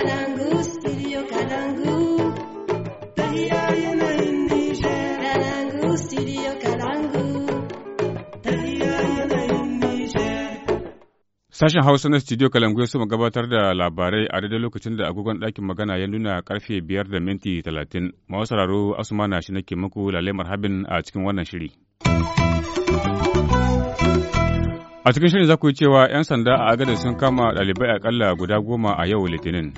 Sashen Hausa na studio Kalangu ya gabatar da labarai a daidai lokacin da agogon ɗakin magana ya nuna karfe biyar da minti talatin. Masu Asuma na shi nake muku lalemar habin a cikin wannan shiri. A cikin shirin za ku yi cewa 'yan sanda a agada sun kama ɗalibai akalla guda goma a yau Litinin.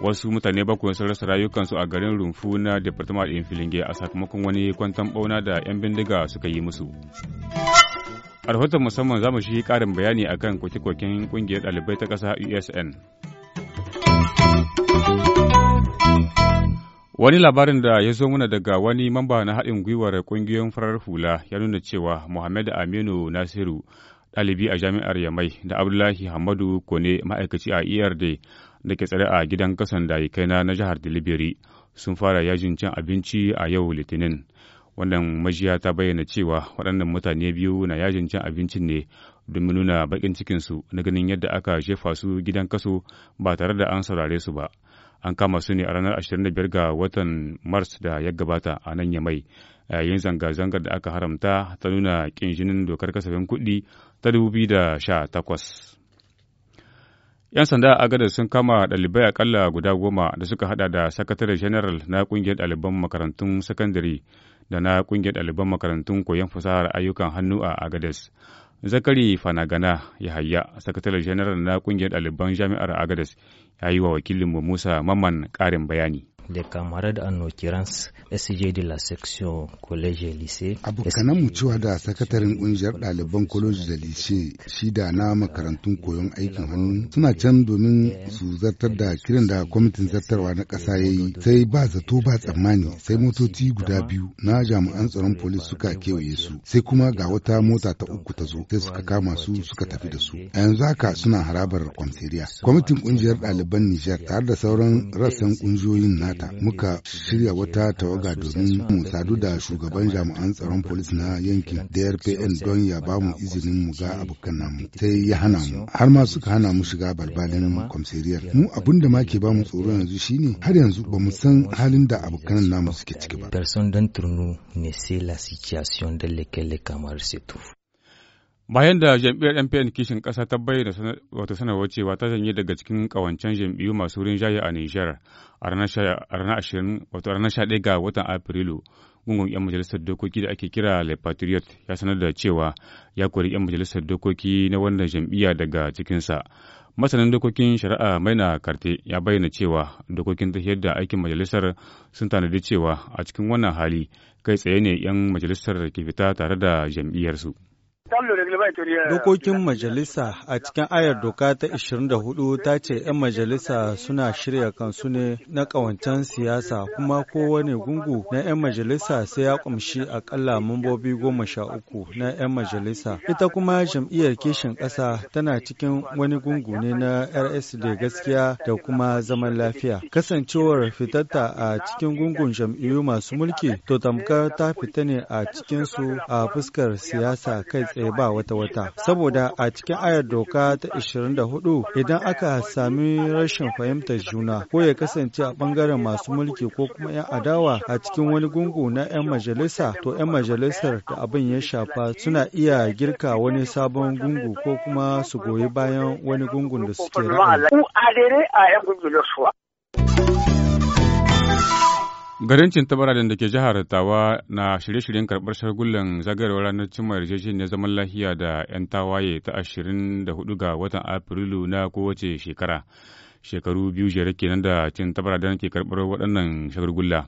Wasu mutane bakwai sun rasa rayukansu a garin Rumfu na Departement ɗin Filinge a sakamakon wani kwantan ɓauna da 'yan bindiga suka yi musu. A rahoton musamman za mu shi ƙarin bayani akan kwake-kwaken ƙungiyar ɗalibai ta ƙasa USN. Wani labarin da ya zo mana daga wani mamba na haɗin gwiwar ƙungiyoyin farar hula ya nuna cewa Muhammad Aminu Nasiru ɗalibi a jami'ar Yamai da Abdullahi Hamadu Kone ma'aikaci a ERD da ke tsare a gidan kasan kai na jihar Deliberi sun fara yajin cin abinci a yau Litinin. Wannan majiya ta bayyana cewa waɗannan mutane biyu na yajin cin abincin ne domin nuna baƙin cikinsu na ganin yadda aka jefa su gidan kaso ba tare da an saurare su ba. an kama su ne a ranar 25 ga watan mars da ya gabata a nan ya mai yayin eh, zanga-zangar da aka haramta ta nuna ƙin jinin dokar kasafin kuɗi ta 2018 'yan sanda a agadar sun kama ɗalibai akalla guda goma da suka hada da sakatare general na ƙungiyar ɗaliban makarantun sakandare da na ƙungiyar ɗaliban makarantun koyon fasahar ayyukan hannu a agadas zakari fanagana yahaya sakataren janar na kungiyar ɗaliban jami'ar agadas ya yi wa wakilinmu musa mamman ƙarin bayani les camarades en occurrence SG de la section collège et lycée. Abokanan mu cewa da sakataren kungiyar ɗaliban college da lycée shi da na euh, makarantun koyon aikin hannu suna can domin su zartar da kiran da kwamitin zartarwa na ƙasa ya yi sai ba zato ba tsammani sai motoci guda biyu na jami'an tsaron polis suka kewaye su sai kuma ga wata mota ta uku ta zo sai suka kama su suka tafi da su a yanzu haka suna harabar kwamfiriya kwamitin kungiyar ɗaliban nijar tare da sauran rassan kungiyoyin na gabata muka shirya wata tawaga domin mu sadu da shugaban jami'an tsaron polis na yankin DRPN don ya ba mu izinin mu ga abokan namu sai ya hana mu har ma suka hana mu shiga balbalin kwamsiriyar mu abin da ma ke ba mu tsoro yanzu shine har yanzu ba mu san halin da abokan namu suke ciki ba personne d'entre nous ne sait la situation dans Bayan da jam'iyyar MPN kishin ƙasa ta bayyana wata sanarwar cewa ta janye daga cikin ƙawancen jam'iyyu masu rinjaye a Nijar a ranar 11 ga watan Afrilu, gungun 'yan majalisar dokoki da ake kira Le Patriot ya sanar da cewa ya kori 'yan majalisar dokoki na wannan jam'iyya daga cikinsa. Masanin dokokin shari'a Maina Karte ya bayyana cewa dokokin ta da aikin majalisar sun tanadi cewa a cikin wannan hali kai tsaye ne 'yan majalisar ke fita tare da jam'iyyarsu. Dokokin majalisa a cikin ayar doka ta 24 ta ce 'yan majalisa suna shirya kansu ne na ƙawancen siyasa kuma kowane gungu na 'yan majalisa sai ya kumshi akalla mambobi goma sha uku na 'yan majalisa. Ita kuma jam'iyyar kishin ƙasa tana cikin wani gungu ne na RSD gaskiya da kuma zaman lafiya. Kasancewar fitatta a cikin gungun jam'iyyu masu mulki to tamkar ta fita ne a cikinsu a fuskar siyasa kai ba wata-wata. Saboda a cikin ayar doka ta 24 idan aka sami rashin fahimtar juna ko ya kasance a ɓangaren masu mulki ko kuma 'yan adawa a cikin wani gungu na 'yan majalisa to 'yan majalisar da abin ya shafa suna iya girka wani sabon gungu ko kuma su goyi bayan wani gungun da suke ra'ayi. Garin Cintabaradan da ke jihar Tawa na shirye-shiryen karɓar shagullan zagayowar ranar cimma yarjejeniyar zaman lahiya da 'yan tawaye ta 24 ga watan Afrilu na kowace shekara. Shekaru biyu jere kenan da cin Cintabaradan ke karɓar waɗannan shagulgulla.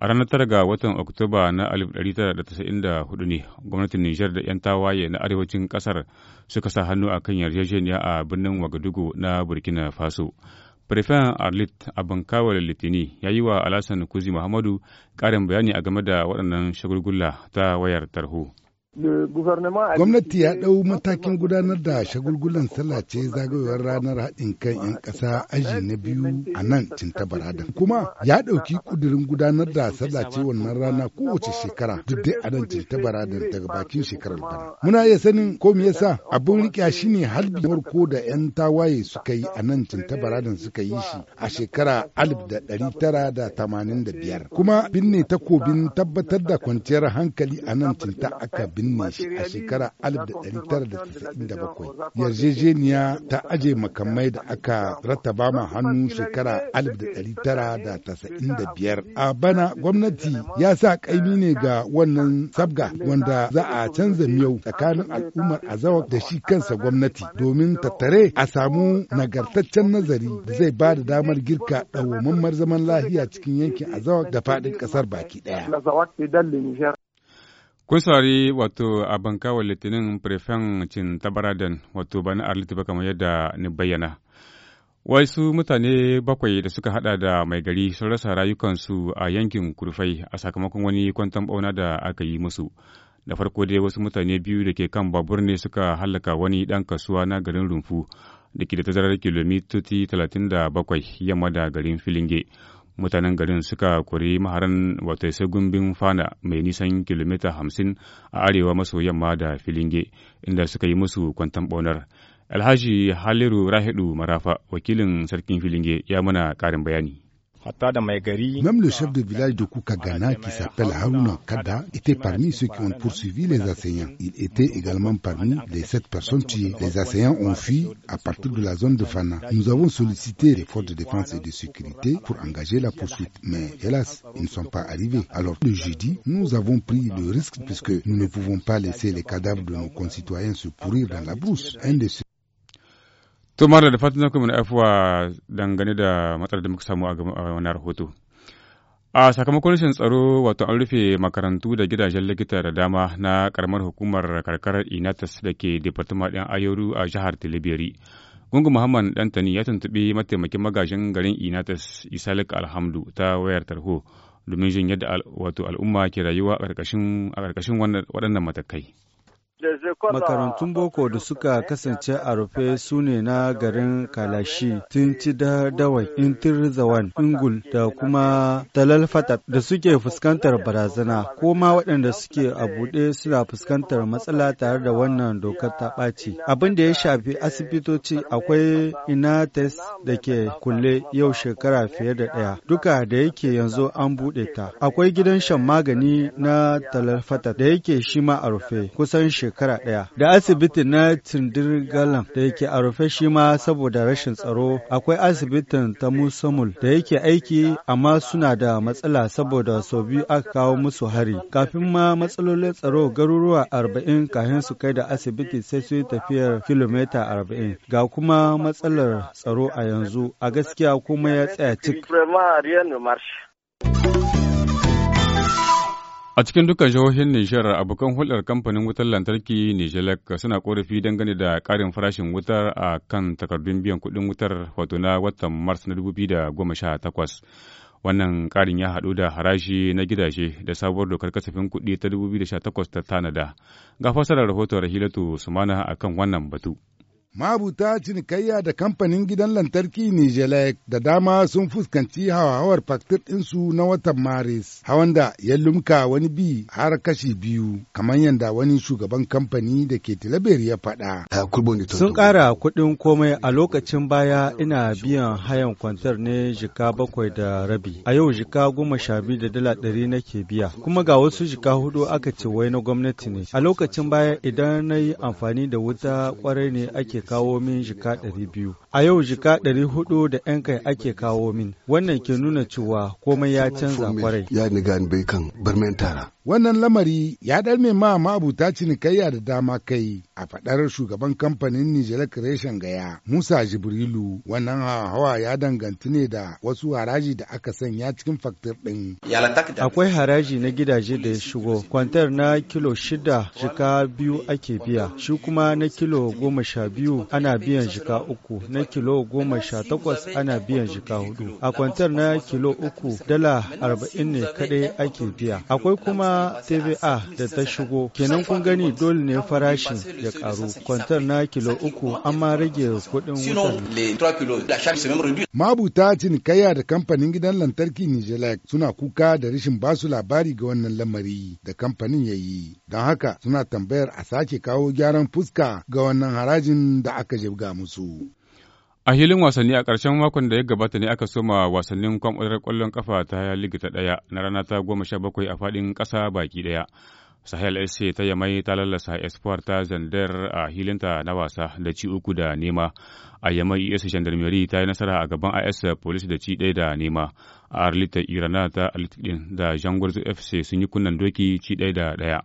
A ranar 9 ga watan Oktoba na 1994 ne gwamnatin Nijar da 'yan tawaye na arewacin ƙasar suka sa hannu a kan yarjejeniya a birnin Wagadugu na Burkina Faso. Prefen Arlit Abankawar Litini ya yi wa Alasan Kuzi Muhammadu ƙarin bayani a game da waɗannan shagulgula ta wayar tarho. Gwamnati ya ɗau matakin gudanar da shagulgulan sallace zagayowar ranar haɗin kan 'yan ƙasa aji na biyu a nan cinta barada. Kuma ya ɗauki ƙudurin gudanar da sallace wannan rana kowace shekara duk dai a nan cinta barada daga bakin shekarar bana. Muna iya sanin ko me yasa abin riƙe shi ne halbi farko da 'yan tawaye suka yi a nan cinta baradan suka yi shi a shekara alif da ɗari tara da tamanin da biyar. Kuma binne takobin tabbatar da kwanciyar hankali a nan cinta aka binne a shekara 1997. Yarjejeniya ta aje makamai da aka rattaba ma hannu shekara 1995. A bana gwamnati ya sa kaimi ne ga wannan sabga wanda za a canza miyau tsakanin al'ummar azawa da shi kansa gwamnati domin tattare a samu nagartaccen nazari da zai ba da damar girka dawwammamar zaman lahiya cikin yankin azawa da faɗin ƙasar baki ɗaya. Kun saurari wato a wa litinin prefen cin tabaradan wato bani arliti ba kamar yadda ni bayyana. Wasu mutane bakwai da suka hada da mai gari sun rasa rayukansu a yankin kurfai a sakamakon wani kwantan bauna da aka yi musu. Da farko dai wasu mutane biyu da ke kan babur ne suka hallaka wani ɗan kasuwa na garin rumfu da ke da tazarar kilomitoci 37 yamma da garin Filinge. mutanen garin suka kuri maharan wata sai gumbin fana mai nisan kilomita hamsin a arewa maso yamma da filinge inda suka yi musu kwantan bonar alhaji haliru rahidu marafa wakilin sarkin filinge ya mana karin bayani Même le chef de village de Koukagana, qui s'appelle Haruna Kada, était parmi ceux qui ont poursuivi les assaillants. Il était également parmi les sept personnes tuées. Les assaillants ont fui à partir de la zone de Fana. Nous avons sollicité les forces de défense et de sécurité pour engager la poursuite, mais hélas, ils ne sont pas arrivés. Alors le jeudi, nous avons pris le risque puisque nous ne pouvons pas laisser les cadavres de nos concitoyens se pourrir dans la brousse. Un To Mara da fatan afuwa dangane da matsalar da muka samu a wannan rahoto. A sakamakon rashin tsaro wato an rufe makarantu da gidajen likita da dama na karamar hukumar karkarar Inatas da ke Departima ɗin Ayoru a jihar Tilibiri. Gungun Muhammad Dantani ya tuntuɓi mataimakin magajin garin Inatas Isalik Alhamdu ta wayar tarho domin jin yadda wato al'umma ke rayuwa a ƙarƙashin waɗannan matakai. Makarantun boko da suka kasance a rufe su ne na garin Kalashi, da Dawai, Intirzawan, Ingul da kuma Talalfata da suke fuskantar barazana, ko ma waɗanda suke a buɗe suna fuskantar matsala tare da wannan dokar ta ɓaci. Abin da ya shafi asibitoci akwai Inates da ke kulle yau shekara fiye da ɗaya, duka da yake yanzu an buɗe ta. Akwai gidan shan magani na Talalfata da yake shi ma a rufe, kusan shekara shekara ɗaya. Da asibiti na Tindirgalam da yake a rufe shi ma saboda rashin tsaro akwai asibitin ta Musamul da yake aiki amma suna da matsala saboda sau biyu aka kawo musu hari. Kafin ma matsalolin tsaro garuruwa arba'in kafin su kai da asibiti sai su yi tafiyar kilomita arba'in. Ga kuma matsalar tsaro a yanzu a gaskiya kuma ya tsaya cik. A cikin dukkan jihohin Nijar abokan hulɗar kamfanin wutar lantarki Nijelek suna korafi dangane da ƙarin farashin wutar a kan takardun biyan kuɗin wutar wato na watan Mars na 2018. Wannan ƙarin ya haɗu da haraji na gidaje da sabuwar dokar kasafin kuɗi ta 2018 ta tanada. Ga fasarar rahoton Rahilatu Sumana akan wannan batu. Mabuta cinikayya da kamfanin gidan lantarki Nijelek da dama sun fuskanci hauhawar faktir ɗinsu na watan Maris, hawan da ya lumka wani bi har kashi biyu, kamar yadda wani shugaban kamfani da ke Tilaberi ya faɗa. Ah, sun ƙara kuɗin komai a lokacin baya ina biyan hayan kwantar ne jika bakwai da rabi. A yau jika goma sha biyu da dala ɗari nake biya, kuma ga wasu jika hudu aka ce wai na gwamnati ne. A lokacin baya idan na yi amfani da wuta kwarai ne ake kawo min jika ɗari biyu. A yau jika ɗari hudu da ‘yan kai ake kawo min. Wannan ke nuna cewa komai ya canza kwarai. Ya ni gani bai kan bar tara. Wannan lamari ya ɗarme ma mabuta cinikayya da dama kai. a faɗar shugaban kamfanin Nijar Creation Gaya Musa Jibrilu wannan hawa ya danganci ne da wasu haraji da aka sanya cikin faktir ɗin. Akwai haraji na gidaje da ya shigo, kwantar na kilo shida jika biyu ake biya, shi kuma na kilo goma sha biyu ana biyan jika uku, na kilo goma sha takwas ana biyan jika hudu. A kwantar na kilo uku dala arba'in ne kaɗai ake biya. Akwai kuma TVA da ta shigo, kenan kun gani dole ne farashin ya karu kwantar na kilo uku amma rage kuɗin wuta. Mabuta cinikayya da kamfanin gidan lantarki Nijelek suna kuka da rashin basu labari ga wannan lamari da kamfanin ya yi. Don haka suna tambayar a sake kawo gyaran fuska ga wannan harajin da aka jibga musu. A hilin wasanni a ƙarshen makon da ya gabata ne aka soma wasannin kwamfutar ƙwallon ƙafa ta liga ta ɗaya na rana ta goma sha bakwai a faɗin ƙasa baki ɗaya. Sahel SC ta yamai ta lallasa Espoir ta zandar a hilinta na wasa da ci uku da nema. A yamai ES Gendarmerie ta yi nasara a gaban IS Police da ci ɗaya da nema. A Arlita Irana ta Arlitin da Jangwar FC sun yi kunnan doki ci ɗaya da ɗaya.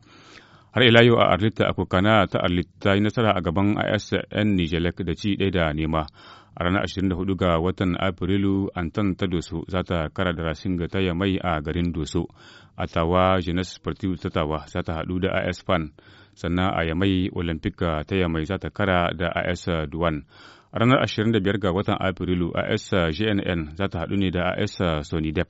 Har ila yau a Arlita Akokana ta arlita ta yi nasara a gaban ISN Nijelek da ci ɗaya da nema. a ranar 24 ga watan afrilu antan ta doso za ta kara da ga ta yamai a garin doso a tawa jeunesse sportive ta tawa za ta hadu da as fan sannan a yamai olympic ta yamai za ta kara da as duwan ranar 25 ga watan afrilu as gnn za ta hadu ne da as sonidep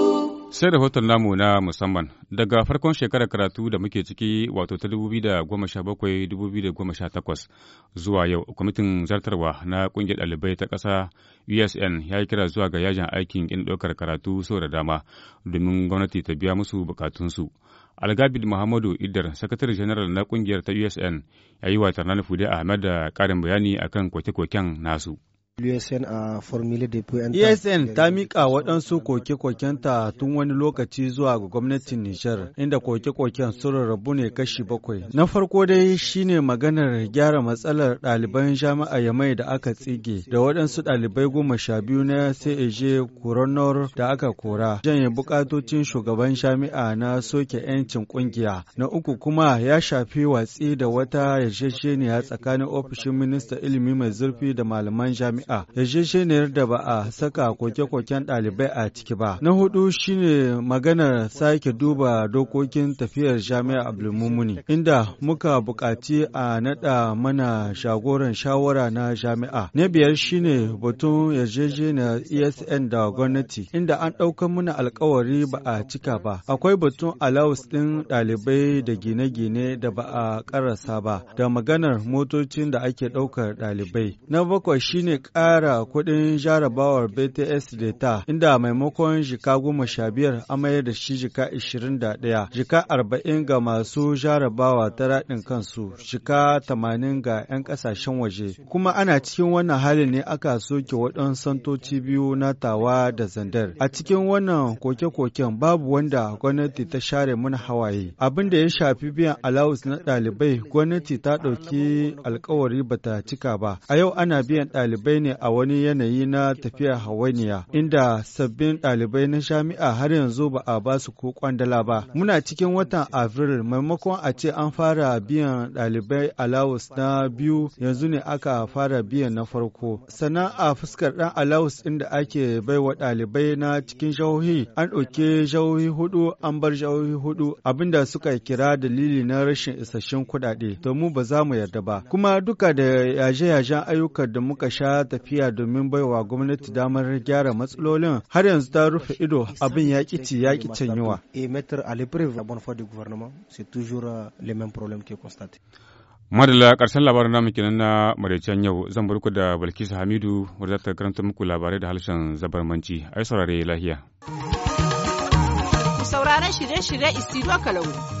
Sai rahoton namu na musamman daga farkon shekarar karatu da muke ciki wato ta 2017-2018 zuwa yau kwamitin zartarwa na kungiyar ɗalibai ta ƙasa USN ya yi kira zuwa ga yajin aikin in ɗaukar karatu sau da dama domin gwamnati ta biya musu bukatunsu. Algabid Muhammadu Idar, sakatare janar na kungiyar ta USN, ya yi wa Tarnani Fude Ahmed da karin bayani akan kwake-kwaken nasu. USN a formule depuis USN ta mika waɗansu koke-kokenta tun wani lokaci zuwa ga gwamnatin Nijar, inda koke-koken sun rabu ne kashi bakwai. Na farko dai shine maganar gyara matsalar ɗaliban jami'a ya mai da aka tsige, da waɗansu ɗalibai goma sha biyu na CAG Kuronor da aka kora, janye bukatocin shugaban jami'a na soke 'yancin ƙungiya. Na uku kuma ya shafi watsi da wata yarjejeniya tsakanin ofishin minista ilimi mai zurfi da malaman jami'a. jami'a yarjejeniyar da ba a saka koke-koken ɗalibai a ciki ba na hudu shine maganar sake duba dokokin tafiyar jami'a abdulmumuni inda muka buƙaci a naɗa mana shagoran shawara na jami'a na biyar shine batun yarjejeniyar esn da gwamnati inda an ɗauka mana alkawari ba a cika ba akwai batun alawus ɗin ɗalibai da gine-gine da ba a ƙarasa ba da maganar motocin da ake ɗaukar ɗalibai na bakwai shine ƙara kudin jarabawar BTS Data, inda maimakon jika goma sha biyar a mayar da shi jika ishirin da ɗaya, jika arba'in ga masu jarabawa ta raɗin kansu, jika tamanin ga 'yan ƙasashen waje. Kuma ana cikin wannan halin ne aka soke waɗansu santoci biyu na tawa da zandar. A cikin wannan koke-koken babu wanda gwamnati ta share mana hawaye. Abin da ya shafi biyan alawus na ɗalibai, gwamnati ta ɗauki alkawari bata cika ba. A yau ana biyan ɗalibai ne a wani yanayi na tafiya hawainiya inda sabbin ɗalibai na jami'a har yanzu ba a ba su ko kwandala ba. Muna cikin watan Afril maimakon a ce an fara biyan ɗalibai alawus na biyu yanzu ne aka fara biyan na farko. Sannan a fuskar ɗan alawus inda da ake baiwa ɗalibai na cikin jihohi an ɗauke jihohi hudu an bar jihohi hudu abinda suka kira dalili na rashin isasshen kuɗaɗe. To mu ba za mu yarda ba. Kuma duka da yaje-yajen ayyukan da muka sha tafiya domin baiwa gwamnati damar gyara matsalolin har yanzu ta rufe ido abin ya kici ya ki canyewa. madala ƙarshen labarin namu kenan na maraicen yau zan barku da Balkisu Hamidu wadda ta karanta muku labarai da harshen zabarmanci. Ai saurare lahiya. shirye-shirye Isiru Kalau.